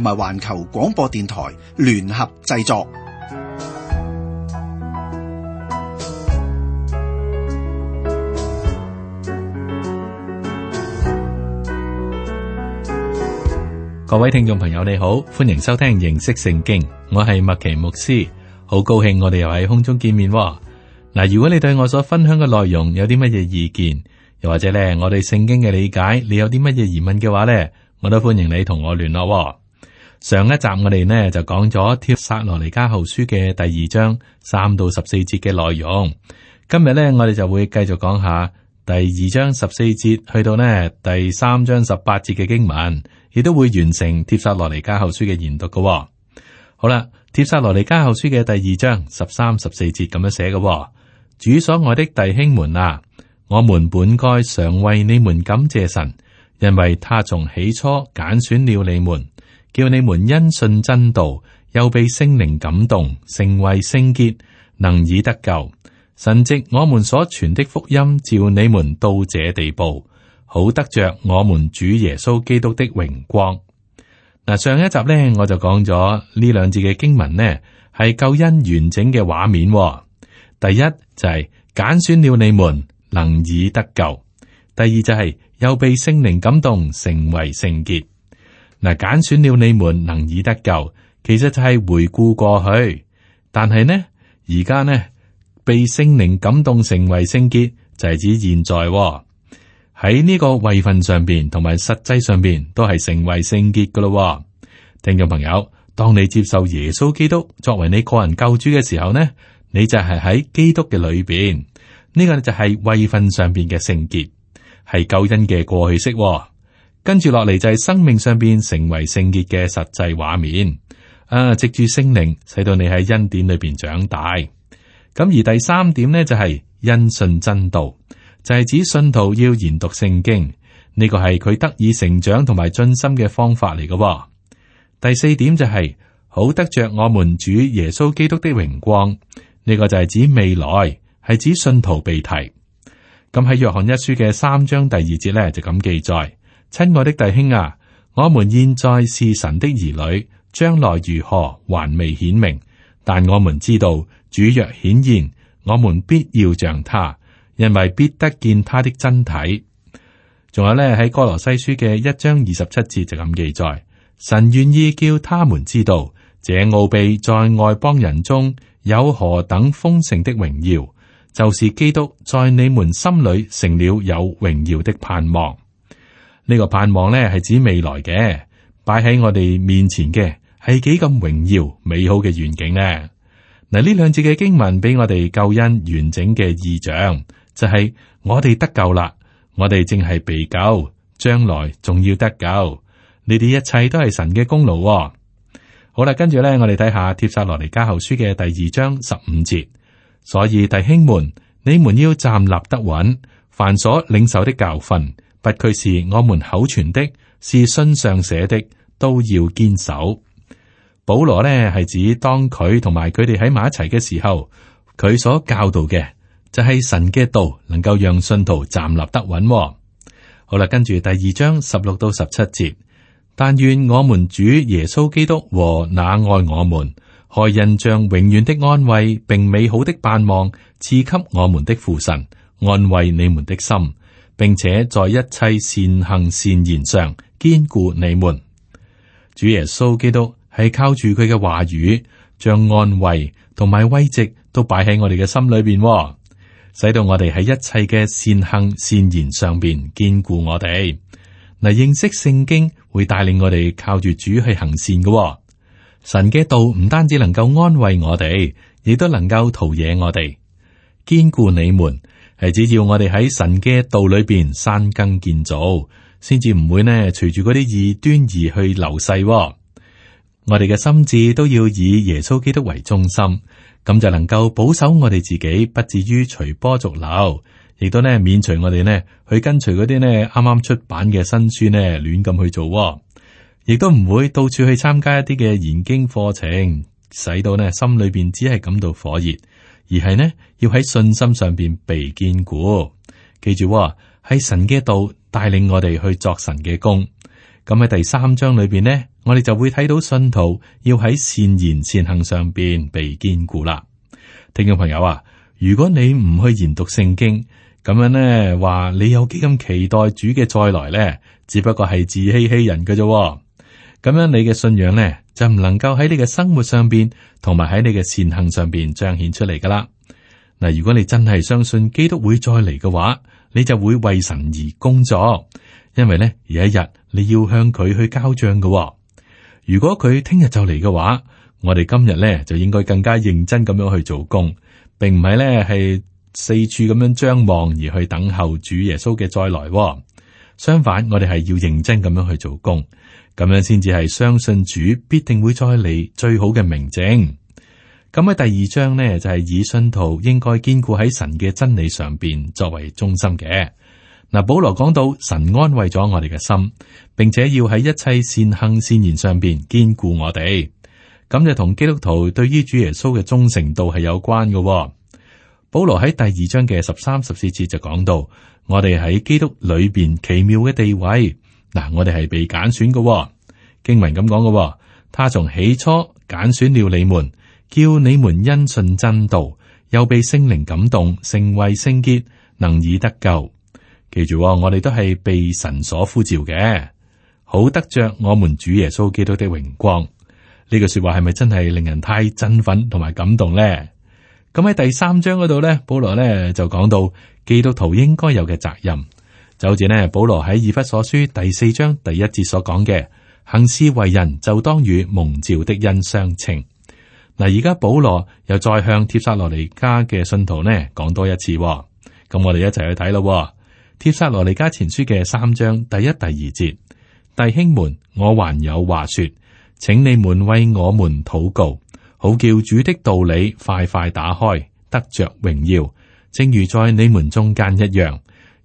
同埋環球廣播電台聯合製作。各位聽眾朋友，你好，歡迎收聽認識聖經。我係麥奇牧師，好高興我哋又喺空中見面。嗱，如果你對我所分享嘅內容有啲乜嘢意見，又或者咧我對聖經嘅理解，你有啲乜嘢疑問嘅話咧，我都歡迎你同我聯絡。上一集我哋呢就講咗《帖撒羅尼迦後書》嘅第二章三到十四節嘅內容。今日呢，我哋就會繼續講下第二章十四節去到呢第三章十八節嘅經文，亦都會完成《帖撒羅尼迦後書》嘅研讀，哦。噶，好啦，《帖撒羅尼迦後書》嘅第二章十三、十四節咁樣寫嘅，哦、主所愛的弟兄們啊，我們本該常為你們感謝神，因為他從起初揀選了你們。叫你們因信真道，又被聖靈感動，成為聖潔，能以得救。神藉我們所傳的福音，召你們到這地步，好得着我們主耶穌基督的榮光。嗱，上一集咧，我就講咗呢兩節嘅經文咧，係救恩完整嘅畫面。第一就係揀選了你們，能以得救；第二就係又被聖靈感動，成為聖潔。嗱，揀選了你們能以得救，其實就係回顧過去。但係呢，而家呢，被聖靈感動，成為聖潔，就係、是、指現在喺、喎、呢個位份上邊同埋實際上邊都係成為聖潔嘅咯、哦。聽眾朋友，當你接受耶穌基督作為你個人救主嘅時候呢，你就係喺基督嘅裏邊。呢、這個就係位份上邊嘅聖潔，係救恩嘅過去式、哦。跟住落嚟就係生命上邊成為聖潔嘅實際畫面啊，藉住聖靈使到你喺恩典裏邊長大。咁而第三點咧就係因信真道，就係指信徒要研讀聖經，呢個係佢得以成長同埋進心嘅方法嚟嘅。第四點就係好得着我們主耶穌基督的榮光，呢個就係指未來，係指信徒被提。咁喺約翰一書嘅三章第二節咧就咁記載。親愛的弟兄啊，我們現在是神的兒女，將來如何還未顯明，但我們知道主若顯現，我們必要像他，因為必得見他的真體。仲有呢，喺哥羅西書嘅一章二十七節就咁記載：神願意叫他們知道，這奧祕在外邦人中有何等豐盛的榮耀，就是基督在你們心裏成了有榮耀的盼望。呢個盼望咧，係指未來嘅，擺喺我哋面前嘅係幾咁榮耀美好嘅願景咧。嗱，呢兩節嘅經文俾我哋救恩完整嘅意象，就係、是、我哋得救啦，我哋正係被救，將來仲要得救。你哋一切都係神嘅功勞、哦。好啦，跟住咧，我哋睇下帖撒羅尼迦後書嘅第二章十五節。所以弟兄們，你們要站立得穩，凡所領受的教訓。不拘是我們口傳的，是信上寫的，都要堅守。保羅咧係指當佢同埋佢哋喺埋一齊嘅時候，佢所教導嘅就係、是、神嘅道，能夠讓信徒站立得穩。好啦，跟住第二章十六到十七節，但願我們主耶穌基督和那愛我們、開恩將永遠的安慰並美好的盼望賜給我們的父神，安慰你們的心。並且在一切善行善言上堅固你們，主耶穌基督係靠住佢嘅話語，將安慰同埋慰藉都擺喺我哋嘅心裏邊，使到我哋喺一切嘅善行善言上邊堅固我哋。嗱，認識聖經會帶領我哋靠住主去行善嘅，哦，神嘅道唔單止能夠安慰我哋，亦都能夠陶冶我哋，堅固你們。係只要我哋喺神嘅道裏邊生根建造，先至唔會呢隨住嗰啲異端而去流逝。我哋嘅心智都要以耶穌基督為中心，咁就能夠保守我哋自己，不至於隨波逐流，亦都呢免除我哋呢去跟隨嗰啲呢啱啱出版嘅新書呢亂咁去做，亦都唔會到處去參加一啲嘅研經課程，使到呢心裏邊只係感到火熱。而係呢，要喺信心上邊被堅固。記住喎、哦，喺神嘅道帶領我哋去作神嘅工。咁喺第三章裏邊呢，我哋就會睇到信徒要喺善言善行上邊被堅固啦。聽眾朋友啊，如果你唔去研讀聖經，咁樣呢話，你有幾咁期待主嘅再來呢？只不過係自欺欺人嘅啫。咁樣你嘅信仰咧就唔能夠喺你嘅生活上邊，同埋喺你嘅善行上邊彰顯出嚟噶啦。嗱，如果你真係相信基督會再嚟嘅話，你就會為神而工作，因為咧有一日你要向佢去交賬嘅喎。如果佢聽日就嚟嘅話，我哋今日咧就應該更加認真咁樣去做工，並唔係咧係四處咁樣張望而去等候主耶穌嘅再來喎。相反，我哋係要認真咁樣去做工。咁樣先至係相信主必定會再嚟，最好嘅明證。咁喺第二章呢，就係、是、以信徒應該堅固喺神嘅真理上邊作為忠心嘅。嗱，保羅講到神安慰咗我哋嘅心，並且要喺一切善行善言上邊堅固我哋。咁就同基督徒對於主耶穌嘅忠誠度係有關嘅。保羅喺第二章嘅十三十四節就講到我哋喺基督裏邊奇妙嘅地位。嗱、啊，我哋係被揀選嘅、哦，經文咁講嘅。他從起初揀選了你們，叫你們因信真道，又被聖靈感動，成為聖潔，能以得救。記住、哦，我哋都係被神所呼召嘅，好得着我們主耶穌基督的榮光。呢、這、句、個、說話係咪真係令人太振奮同埋感動咧？咁喺第三章嗰度咧，保羅咧就講到基督徒應該有嘅責任。就好似呢，保羅喺以弗所書第四章第一節所講嘅，行事為人就當與蒙召的恩相稱。嗱，而家保羅又再向帖撒羅尼加嘅信徒呢，講多一次。咁我哋一齊去睇咯。帖撒羅尼加前書嘅三章第一、第二節，弟兄們，我還有話說，請你們為我們禱告，好叫主的道理快快打開，得着榮耀，正如在你們中間一樣。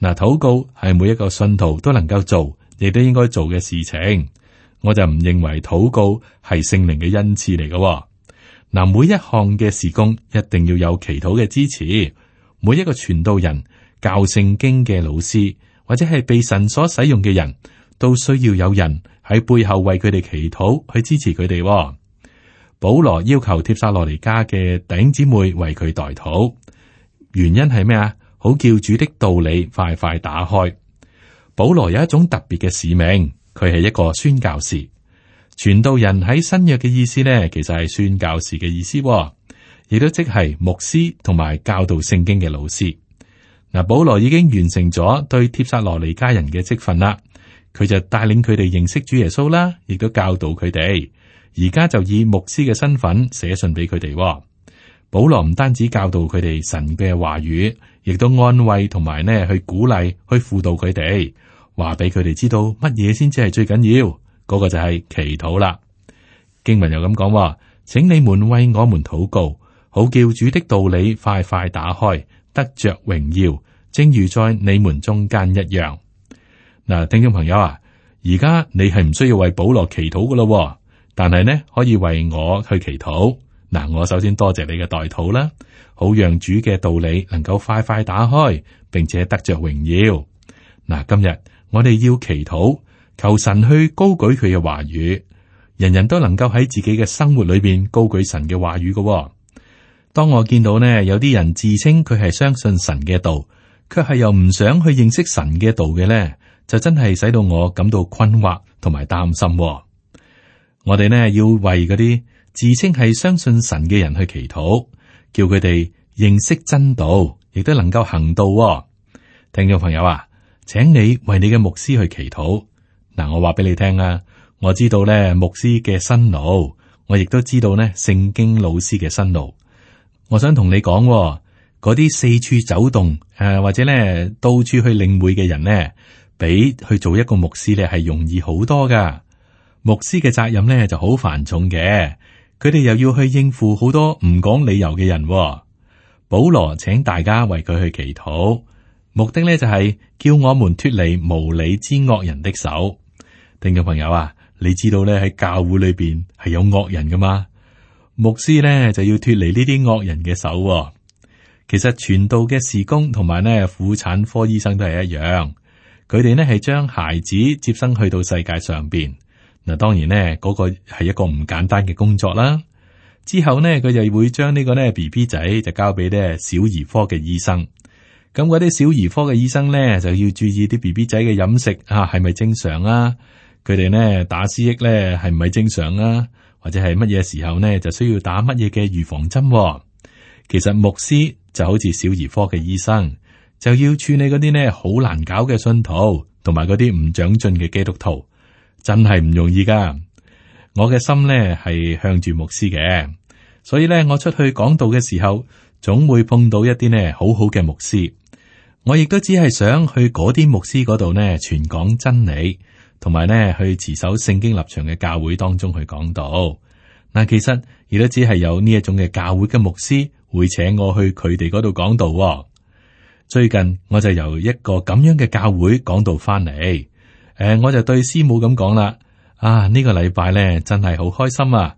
嗱，禱告係每一個信徒都能夠做，亦都應該做嘅事情。我就唔認為禱告係聖靈嘅恩賜嚟嘅。嗱，每一項嘅事工一定要有祈禱嘅支持。每一個傳道人、教聖經嘅老師或者係被神所使用嘅人都需要有人喺背後為佢哋祈禱去支持佢哋。保羅要求帖撒羅尼迦嘅弟兄姊妹為佢代禱，原因係咩啊？好叫主的道理快快打開。保羅有一種特別嘅使命，佢係一個宣教士。傳道人喺新約嘅意思咧，其實係宣教士嘅意思哦，亦都即係牧師同埋教導聖經嘅老師。嗱，保羅已經完成咗對帖撒羅尼迦人嘅職分啦，佢就帶領佢哋認識主耶穌啦，亦都教導佢哋。而家就以牧師嘅身份寫信俾佢哋。保羅唔單止教導佢哋神嘅話語。亦都安慰同埋呢去鼓勵去輔導佢哋，話俾佢哋知道乜嘢先至係最緊要，嗰個就係祈禱啦。經文又咁講話，請你們為我們禱告，好叫主的道理快快打開，得着榮耀，正如在你們中間一樣。嗱，聽眾朋友啊，而家你係唔需要為保羅祈禱噶咯，但係呢可以為我去祈禱。嗱，我首先多謝你嘅代禱啦，好讓主嘅道理能夠快快打開，並且得着榮耀。嗱，今日我哋要祈禱，求神去高舉佢嘅話語，人人都能夠喺自己嘅生活裏邊高舉神嘅話語嘅。當我見到呢，有啲人自稱佢係相信神嘅道，卻係又唔想去認識神嘅道嘅咧，就真係使到我感到困惑同埋擔心。我哋呢，要為嗰啲。自稱係相信神嘅人去祈禱，叫佢哋認識真道，亦都能夠行道。聽眾朋友啊，請你為你嘅牧師去祈禱。嗱，我話俾你聽啊，我知道咧牧師嘅辛勞，我亦都知道咧聖經老師嘅辛勞。我想同你講，嗰啲四處走動誒，或者咧到處去領會嘅人咧，比去做一個牧師咧係容易好多噶。牧師嘅責任咧就好繁重嘅。佢哋又要去應付好多唔講理由嘅人、哦，保羅請大家為佢去祈禱，目的呢就係叫我們脫離無理之惡人的手。聽眾朋友啊，你知道咧喺教會裏邊係有惡人噶嘛？牧師呢就要脫離呢啲惡人嘅手、哦。其實傳道嘅事工同埋呢婦產科醫生都係一樣，佢哋呢係將孩子接生去到世界上面。嗱，當然呢，嗰個係一個唔簡單嘅工作啦。之後呢，佢就會將呢個呢 B B 仔就交俾呢小兒科嘅醫生。咁嗰啲小兒科嘅醫生呢，就要注意啲 B B 仔嘅飲食啊，係咪正常啊？佢哋呢，打私益呢，係唔係正常啊？或者係乜嘢時候呢，就需要打乜嘢嘅預防針啊？其實牧師就好似小兒科嘅醫生，就要處理嗰啲呢好難搞嘅信徒，同埋嗰啲唔長進嘅基督徒。真係唔容易噶，我嘅心呢係向住牧師嘅，所以呢，我出去講道嘅時候，總會碰到一啲呢好好嘅牧師。我亦都只係想去嗰啲牧師嗰度呢傳講真理，同埋呢去持守聖經立場嘅教會當中去講道。嗱，其實亦都只係有呢一種嘅教會嘅牧師會請我去佢哋嗰度講道哦。最近我就由一個咁樣嘅教會講道翻嚟。誒、嗯，我就對師母咁講啦，啊呢、呢個禮拜咧真係好開心啊，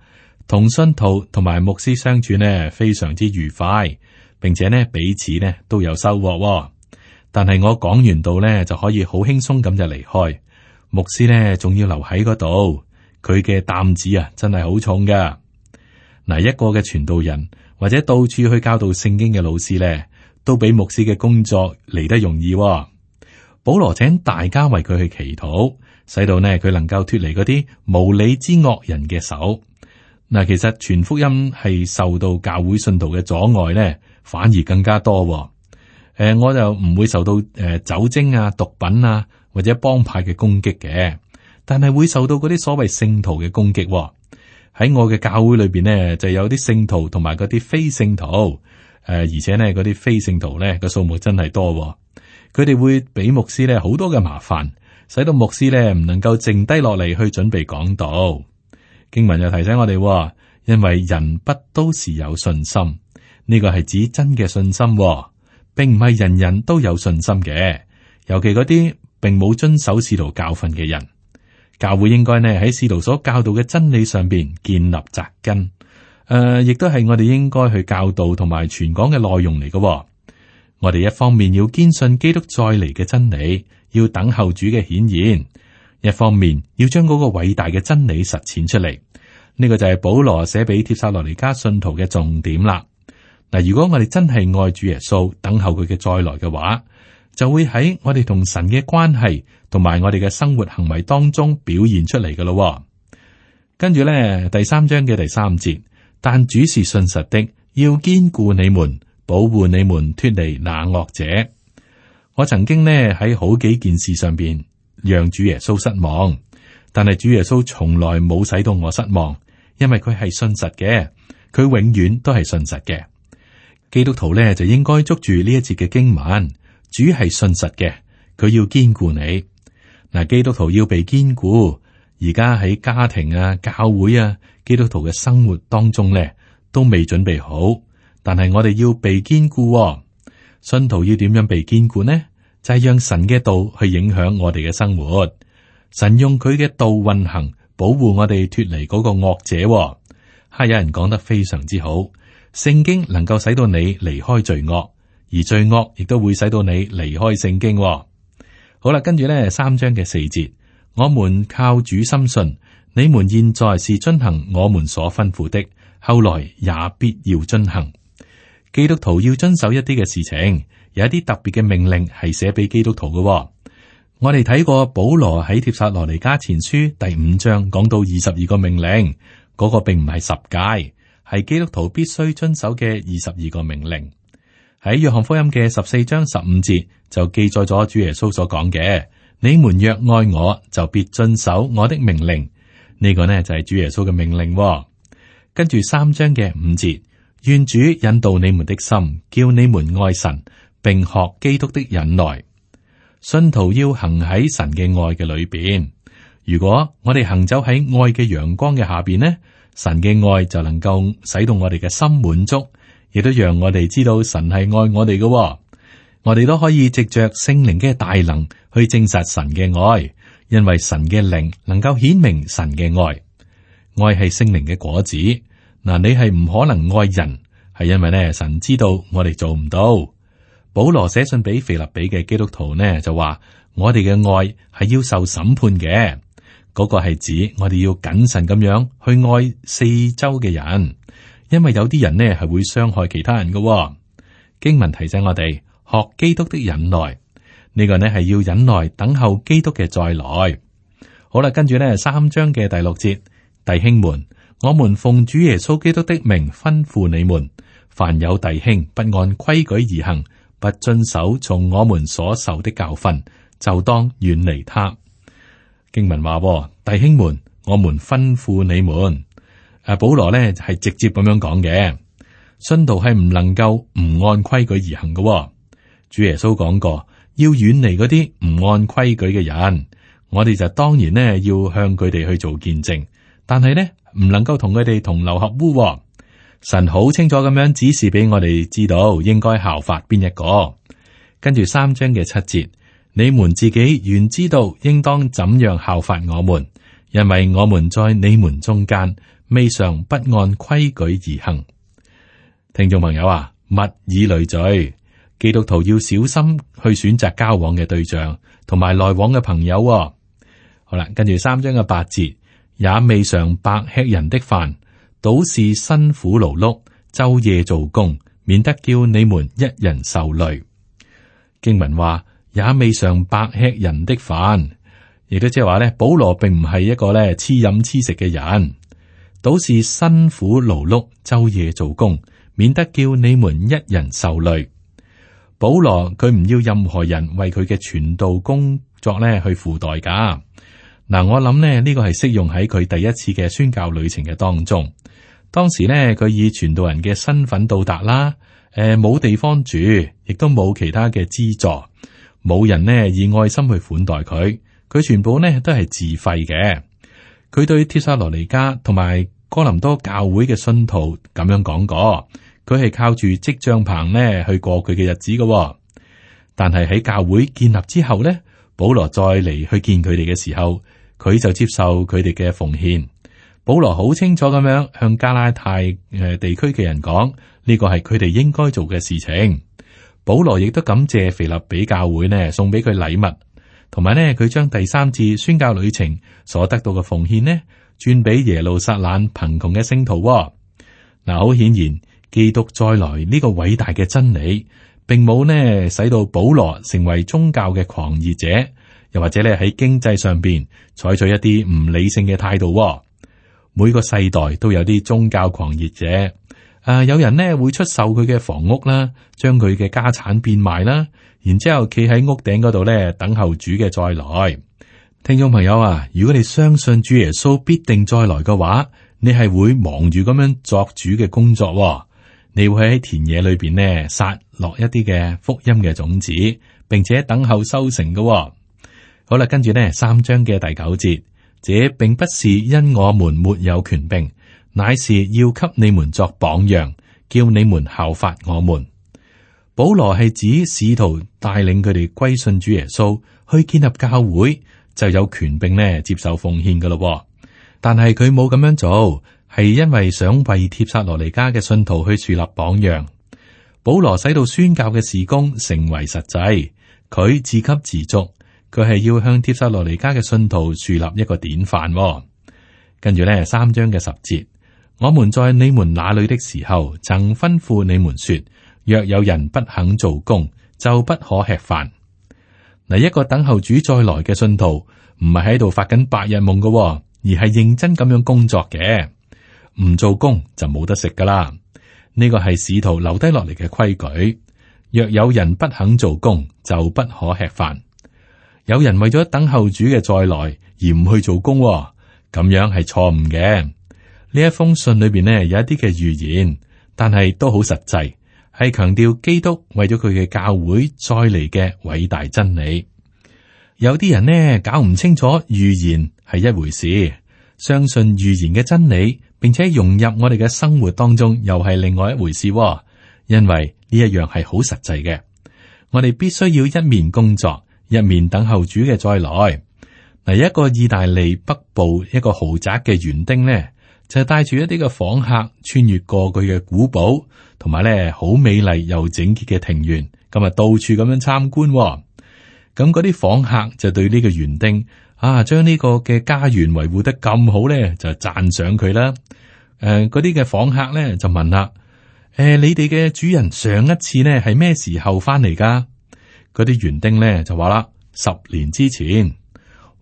同信徒同埋牧師相處呢非常之愉快，並且呢彼此呢都有收穫、喎。但係我講完道呢就可以好輕鬆咁就離開，牧師呢仲要留喺嗰度，佢嘅擔子啊真係好重噶。嗱，一個嘅傳道人或者到處去教導聖經嘅老師呢，都比牧師嘅工作嚟得容易、喎。保羅請大家為佢去祈禱，使到呢佢能夠脫離嗰啲無理之惡人嘅手。嗱，其實全福音係受到教會信徒嘅阻礙咧，反而更加多。誒，我就唔會受到誒酒精啊、毒品啊或者幫派嘅攻擊嘅，但係會受到嗰啲所謂聖徒嘅攻擊。喺我嘅教會裏邊呢，就有啲聖徒同埋嗰啲非聖徒。誒，而且呢，嗰啲非聖徒咧個數目真係多。佢哋會俾牧師咧好多嘅麻煩，使到牧師咧唔能夠剩低落嚟去準備講道。經文又提醒我哋，因為人不都是有信心，呢、這個係指真嘅信心，並唔係人人都有信心嘅。尤其嗰啲並冇遵守使徒教訓嘅人，教會應該咧喺使徒所教導嘅真理上邊建立扎根。誒、呃，亦都係我哋應該去教導同埋傳講嘅內容嚟嘅。我哋一方面要堅信基督再嚟嘅真理，要等候主嘅顯現，一方面要將嗰個偉大嘅真理實踐出嚟。呢個就係保羅寫俾帖撒羅尼加信徒嘅重點啦。嗱，如果我哋真係愛主耶穌，等候佢嘅再來嘅話，就會喺我哋同神嘅關係同埋我哋嘅生活行為當中表現出嚟嘅咯。跟住咧，第三章嘅第三節，但主是信實的，要堅固你們。保護你們脱離那惡者。我曾經呢喺好幾件事上邊讓主耶穌失望，但係主耶穌從來冇使到我失望，因為佢係信實嘅，佢永遠都係信實嘅。基督徒咧就應該捉住呢一節嘅經文，主係信實嘅，佢要堅固你。嗱，基督徒要被堅固，而家喺家庭啊、教會啊、基督徒嘅生活當中咧，都未準備好。但係我哋要被堅固，哦，信徒要點樣被堅固呢？就係、是、讓神嘅道去影響我哋嘅生活。神用佢嘅道運行，保護我哋脫離嗰個惡者、哦。哈，哈！有人講得非常之好，聖經能夠使到你離開罪惡，而罪惡亦都會使到你離開聖經、哦。好啦，跟住咧三章嘅四節，我們靠主深信，你們現在是遵行我們所吩咐的，後來也必要遵行。基督徒要遵守一啲嘅事情，有一啲特別嘅命令係寫俾基督徒嘅。我哋睇過保羅喺帖撒羅尼迦前書第五章講到二十二個命令，嗰、那個並唔係十誡，係基督徒必須遵守嘅二十二個命令。喺約翰福音嘅十四章十五節就記載咗主耶穌所講嘅：，你們若愛我，就必遵守我的命令。呢、這個呢就係、是、主耶穌嘅命令、哦。跟住三章嘅五節。願主引導你們的心，叫你們愛神，並學基督的忍耐。信徒要行喺神嘅愛嘅裏邊。如果我哋行走喺愛嘅陽光嘅下邊呢，神嘅愛就能夠使到我哋嘅心滿足，亦都讓我哋知道神係愛我哋嘅。我哋都可以藉着聖靈嘅大能去證實神嘅愛，因為神嘅靈能夠顯明神嘅愛。愛係聖靈嘅果子。嗱，你係唔可能愛人，係因為咧，神知道我哋做唔到。保羅寫信俾腓立比嘅基督徒呢，就話我哋嘅愛係要受審判嘅。嗰個係指我哋要謹慎咁樣去愛四周嘅人，因為有啲人呢係會傷害其他人㗎。經文提醒我哋學基督的忍耐，呢個呢係要忍耐等候基督嘅再來。好啦，跟住呢三章嘅第六節，弟兄們。我們奉主耶穌基督的名吩咐你們：凡有弟兄不按規矩而行，不遵守從我們所受的教訓，就當遠離他。經文話：弟兄們，我們吩咐你們。誒、啊，保羅呢係直接咁樣講嘅，信徒係唔能夠唔按規矩而行噶、哦。主耶穌講過，要遠離嗰啲唔按規矩嘅人。我哋就當然呢要向佢哋去做見證，但係呢。唔能夠同佢哋同流合污，神好清楚咁樣指示俾我哋知道，應該效法邊一個。跟住三章嘅七節，你們自己原知道應當怎樣效法我們，因為我們在你們中間未嘗不按規矩而行。聽眾朋友啊，物以類聚，基督徒要小心去選擇交往嘅對象同埋來往嘅朋友。好啦，跟住三章嘅八節。也未嘗白吃人的飯，倒是辛苦勞碌，晝夜做工，免得叫你們一人受累。經文話也未嘗白吃人的飯，亦都即係話咧，保羅並唔係一個咧痴飲痴食嘅人，倒是辛苦勞碌，晝夜做工，免得叫你們一人受累。保羅佢唔要任何人為佢嘅傳道工作咧去付代價。嗱，我諗呢，呢個係適用喺佢第一次嘅宣教旅程嘅當中。當時呢，佢以傳道人嘅身份到達啦，誒、呃、冇地方住，亦都冇其他嘅資助，冇人呢以愛心去款待佢，佢全部呢都係自費嘅。佢對帖撒羅尼加同埋哥林多教會嘅信徒咁樣講過，佢係靠住織帳棚呢去過佢嘅日子嘅。但係喺教會建立之後呢。保羅再嚟，去見佢哋嘅時候，佢就接受佢哋嘅奉獻。保羅好清楚咁樣向加拉太誒、地區嘅人講，呢個係佢哋應該做嘅事情。保羅亦都感謝腓立比教會呢送俾佢禮物，同埋呢佢將第三次宣教旅程所得到嘅奉獻呢轉俾耶路撒冷貧窮嘅聖徒。嗱，好顯然，基督再來呢個偉大嘅真理。並冇呢，使到保羅成為宗教嘅狂熱者，又或者咧喺經濟上邊採取一啲唔理性嘅態度。每個世代都有啲宗教狂熱者。誒、啊，有人呢會出售佢嘅房屋啦，將佢嘅家產變賣啦，然之後企喺屋頂嗰度咧等候主嘅再來。聽眾朋友啊，如果你相信主耶穌必定再來嘅話，你係會忙住咁樣作主嘅工作。你會喺田野裏邊呢撒落一啲嘅福音嘅種子，並且等候收成嘅、哦。好啦，跟住呢三章嘅第九節，這並不是因我們沒有權柄，乃是要給你們作榜樣，叫你們效法我們。保羅係指使徒帶領佢哋歸信主耶穌，去建立教會，就有權柄呢接受奉獻噶咯、哦。但係佢冇咁樣做。係因為想為帖撒羅尼迦嘅信徒去樹立榜樣，保羅使到宣教嘅事工成為實際。佢自給自足，佢係要向帖撒羅尼迦嘅信徒樹立一個典範、哦。跟住咧，三章嘅十節，我們在你們那裏的時候，曾吩咐你們說：若有人不肯做工，就不可吃飯。嗱，一個等候主再來嘅信徒，唔係喺度發緊白日夢㗎、哦，而係認真咁樣工作嘅。唔做工就冇得食㗎啦。呢、這個係使徒留低落嚟嘅規矩。若有人不肯做工，就不可吃飯。有人為咗等候主嘅再來而唔去做工、哦，咁樣係錯誤嘅。呢一封信裏邊呢，有一啲嘅預言，但係都好實際，係強調基督為咗佢嘅教會再嚟嘅偉大真理。有啲人呢，搞唔清楚預言係一回事，相信預言嘅真理。並且融入我哋嘅生活當中，又係另外一回事、哦。因為呢一樣係好實際嘅，我哋必須要一面工作，一面等候主嘅再來。嗱，一個意大利北部一個豪宅嘅園丁呢，就帶住一啲嘅訪客，穿越過佢嘅古堡，同埋咧好美麗又整潔嘅庭園，咁啊到處咁樣參觀、哦。咁嗰啲訪客就對呢個園丁。啊，將呢個嘅家園維護得咁好咧，就讚賞佢啦。誒、呃，嗰啲嘅訪客咧就問啦，誒、呃，你哋嘅主人上一次咧係咩時候翻嚟噶？嗰啲園丁咧就話啦，十年之前。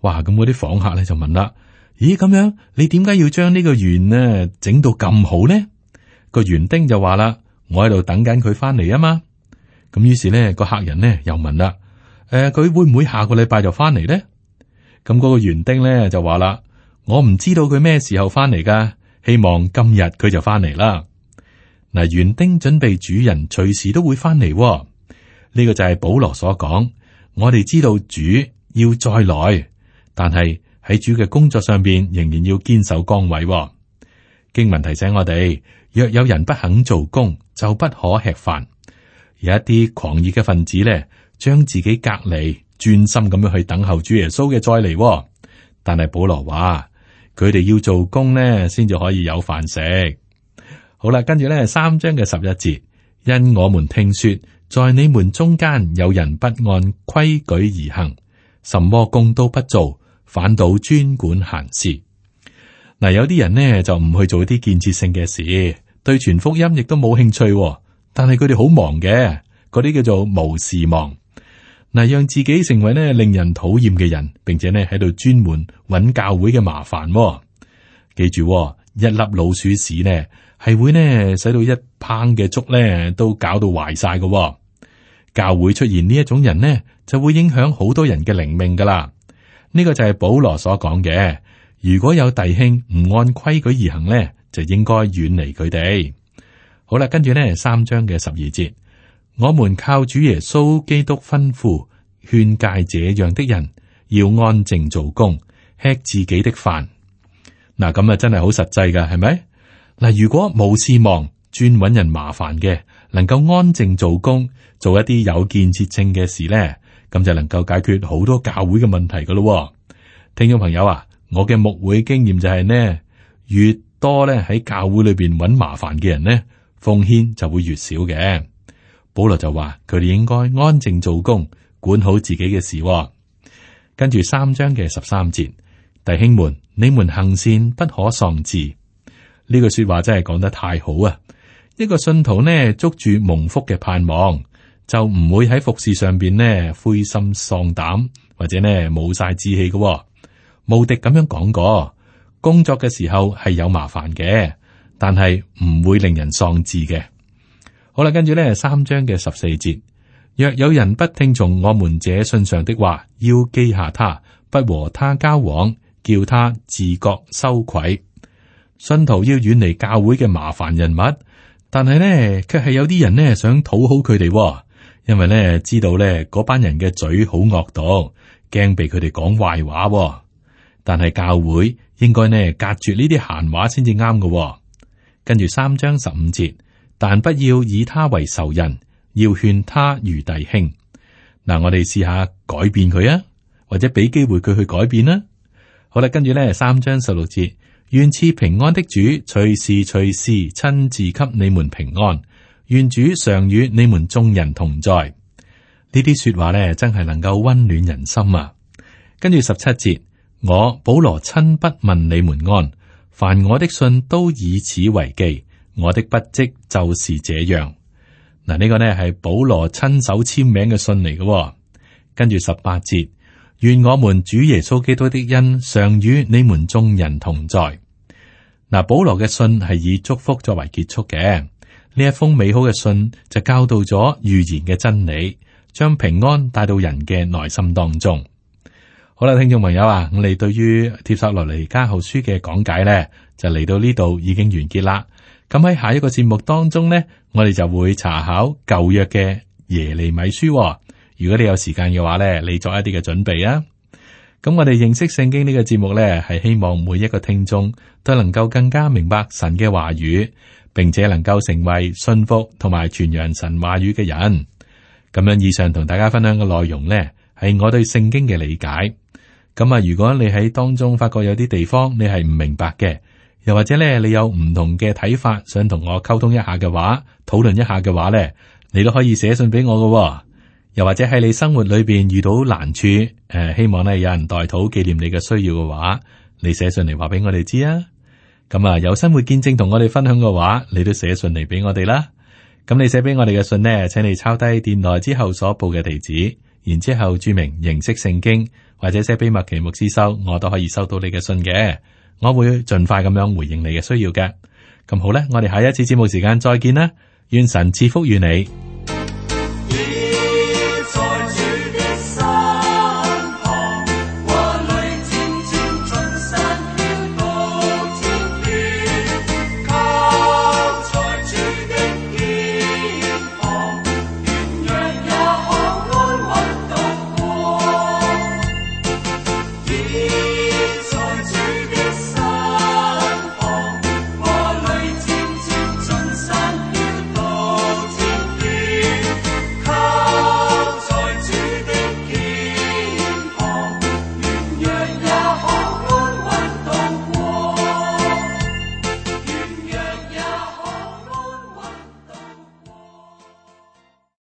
哇，咁嗰啲訪客咧就問啦，咦，咁樣你點解要將呢、那個園咧整到咁好咧？個園丁就話啦，我喺度等緊佢翻嚟啊嘛。咁於是咧個客人咧又問啦，誒、呃，佢會唔會下個禮拜就翻嚟咧？咁嗰個園丁咧就話啦：，我唔知道佢咩時候翻嚟噶，希望今日佢就翻嚟啦。嗱，園丁準備主人隨時都會翻嚟、哦。呢、這個就係保羅所講，我哋知道主要再來，但係喺主嘅工作上邊仍然要堅守崗位、哦。經文提醒我哋：，若有人不肯做工，就不可吃飯。有一啲狂熱嘅分子咧，將自己隔離。專心咁樣去等候主耶穌嘅再嚟，哦，但係保羅話佢哋要做工咧，先至可以有飯食。好啦，跟住咧三章嘅十一節，因我們聽說，在你們中間有人不按規矩而行，什麼工都不做，反倒專管閒事。嗱，嗯，有啲人呢，就唔去做啲建設性嘅事，對全福音亦都冇興趣，哦，但係佢哋好忙嘅，嗰啲叫做無事忙。嗱，讓自己成為呢令人討厭嘅人，並且呢喺度專門揾教會嘅麻煩、哦。記住、哦，一粒老鼠屎呢，係會呢使到一烹嘅粥呢都搞到壞晒嘅、哦。教會出現呢一種人呢，就會影響好多人嘅靈命噶啦。呢、這個就係保羅所講嘅。如果有弟兄唔按規矩而行呢，就應該遠離佢哋。好啦，跟住呢，三章嘅十二節。我們靠主耶穌基督吩咐勸誡這樣的人，要安靜做工，吃自己的飯。嗱，咁啊，真係好實際噶，係咪嗱？如果冇事忙，專搵人麻煩嘅，能夠安靜做工，做一啲有建設性嘅事咧，咁就能夠解決好多教會嘅問題噶。咯，聽眾朋友啊，我嘅牧會經驗就係呢：越多咧喺教會裏邊搵麻煩嘅人呢，奉獻就會越少嘅。保羅就話佢哋應該安靜做工，管好自己嘅事，哦。跟住三章嘅十三節，弟兄們，你們行善不可喪志。呢句說話真係講得太好啊！一個信徒呢捉住蒙福嘅盼望，就唔會喺服侍上面呢灰心喪膽，或者呢冇晒志氣嘅，哦。慕迪咁樣講過，工作嘅時候係有麻煩嘅，但係唔會令人喪志嘅。好啦，跟住咧三章嘅十四節，若有人不聽從我們這信上的話，要記下他，不和他交往，叫他自覺羞愧。信徒要遠離教會嘅麻煩人物，但係呢，卻係有啲人呢，想討好佢哋喎，因為呢，知道呢嗰班人嘅嘴好惡毒，驚被佢哋講壞話喎。但係教會應該呢，隔住呢啲閒話先至啱嘅。跟住三章十五節。但不要以他為仇人，要勸他如弟兄。嗱，我哋試下改變佢啊，或者俾機會佢去改變啦。好啦，跟住呢三章十六節，願賜平安的主，隨時隨時親自給你們平安，願主常與你們眾人同在。呢啲說話呢，真係能夠温暖人心啊。跟住十七節，我保羅親筆問你們安，凡我的信都以此為記。我的筆跡就是這樣嗱，呢、這個呢係保羅親手簽名嘅信嚟嘅、哦。跟住十八節，願我們主耶穌基督的恩常與你們眾人同在嗱。保羅嘅信係以祝福作為結束嘅呢一封美好嘅信，就教導咗預言嘅真理，將平安帶到人嘅內心當中。好啦，聽眾朋友啊，我哋對於帖撒羅尼迦後書嘅講解呢，就嚟到呢度已經完結啦。咁喺下一個節目當中呢，我哋就會查考舊約嘅耶利米書哦。如果你有時間嘅話呢，你作一啲嘅準備啊。咁我哋認識聖經呢個節目呢，係希望每一個聽眾都能夠更加明白神嘅話語，並且能夠成為信服同埋傳揚神話語嘅人。咁樣以上同大家分享嘅內容呢，係我對聖經嘅理解。咁啊，如果你喺當中發覺有啲地方你係唔明白嘅。又或者咧，你有唔同嘅睇法，想同我溝通一下嘅話，討論一下嘅話咧，你都可以寫信俾我噶。又或者喺你生活裏邊遇到難處，誒、呃，希望咧有人代禱紀念你嘅需要嘅話，你寫信嚟話俾我哋知啊。咁、嗯、啊，有生活見證同我哋分享嘅話，你都寫信嚟俾我哋啦。咁、嗯、你寫俾我哋嘅信呢，請你抄低電台之後所報嘅地址，然之後註明認識聖經，或者寫俾麥奇牧師收，我都可以收到你嘅信嘅。我會盡快咁樣回應你嘅需要嘅。咁好咧，我哋下一次節目時間再見啦。願神賜福於你。